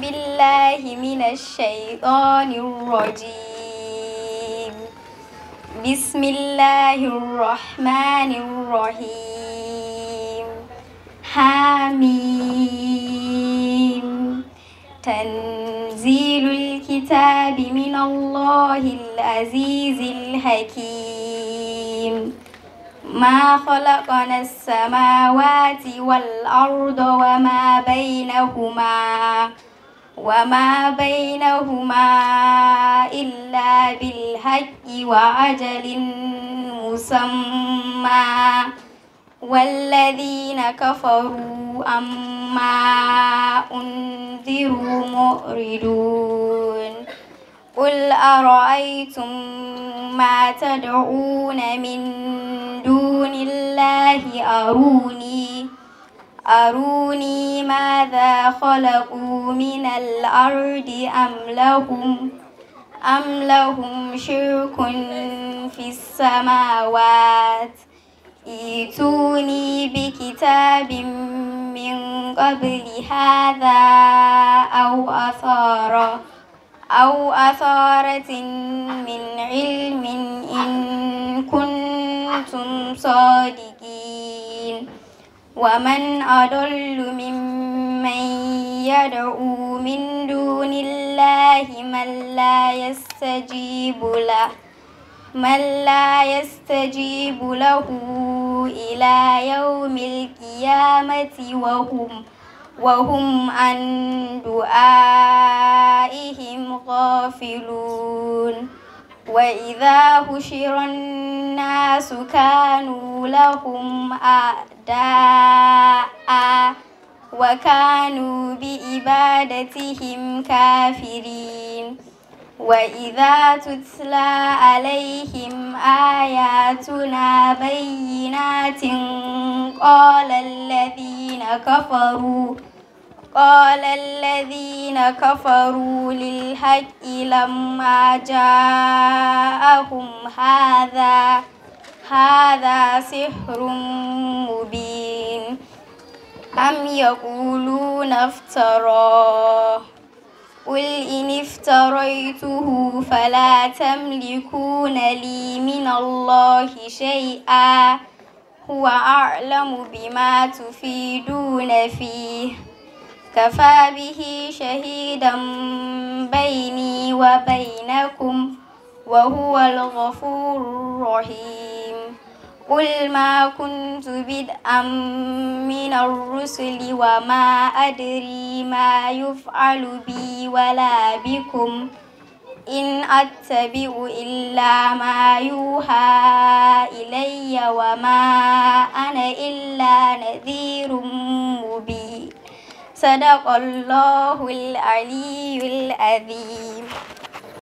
بالله من الشيطان الرجيم بسم الله الرحمن الرحيم حميم تنزيل الكتاب من الله العزيز الحكيم ما خلقنا السماوات والأرض وما بينهما وما بينهما إلا بالحق وعجل مسمى والذين كفروا أما أنذروا مؤردون قل أرأيتم ما تدعون من دون الله أروني أروني ماذا خلقوا من الأرض أم لهم أم لهم شرك في السماوات ائتوني بكتاب من قبل هذا أو أثارة أو أثارة من علم إن كنتم صادقين ومن أضل ممن يدعو من دون الله من لا يستجيب له من لا يستجيب له إلى يوم القيامة وهم وهم عن دعائهم غافلون وإذا حشر الناس كانوا لهم أعداء وكانوا بإبادتهم كافرين وإذا تتلى عليهم آياتنا بينات قال الذين كفروا قال الذين كفروا للحق لما جاءهم هذا هذا سحر مبين أم يقولون افتراه قل إن افتريته فلا تملكون لي من الله شيئا هو أعلم بما تفيدون فيه كفى به شهيدا بيني وبينكم وهو الغفور الرحيم قل ما كنت بدءا من الرسل وما أدري ما يفعل بي ولا بكم إن أتبع إلا ما يوحى إلي وما أنا إلا نذير مبين صدق الله العلي العظيم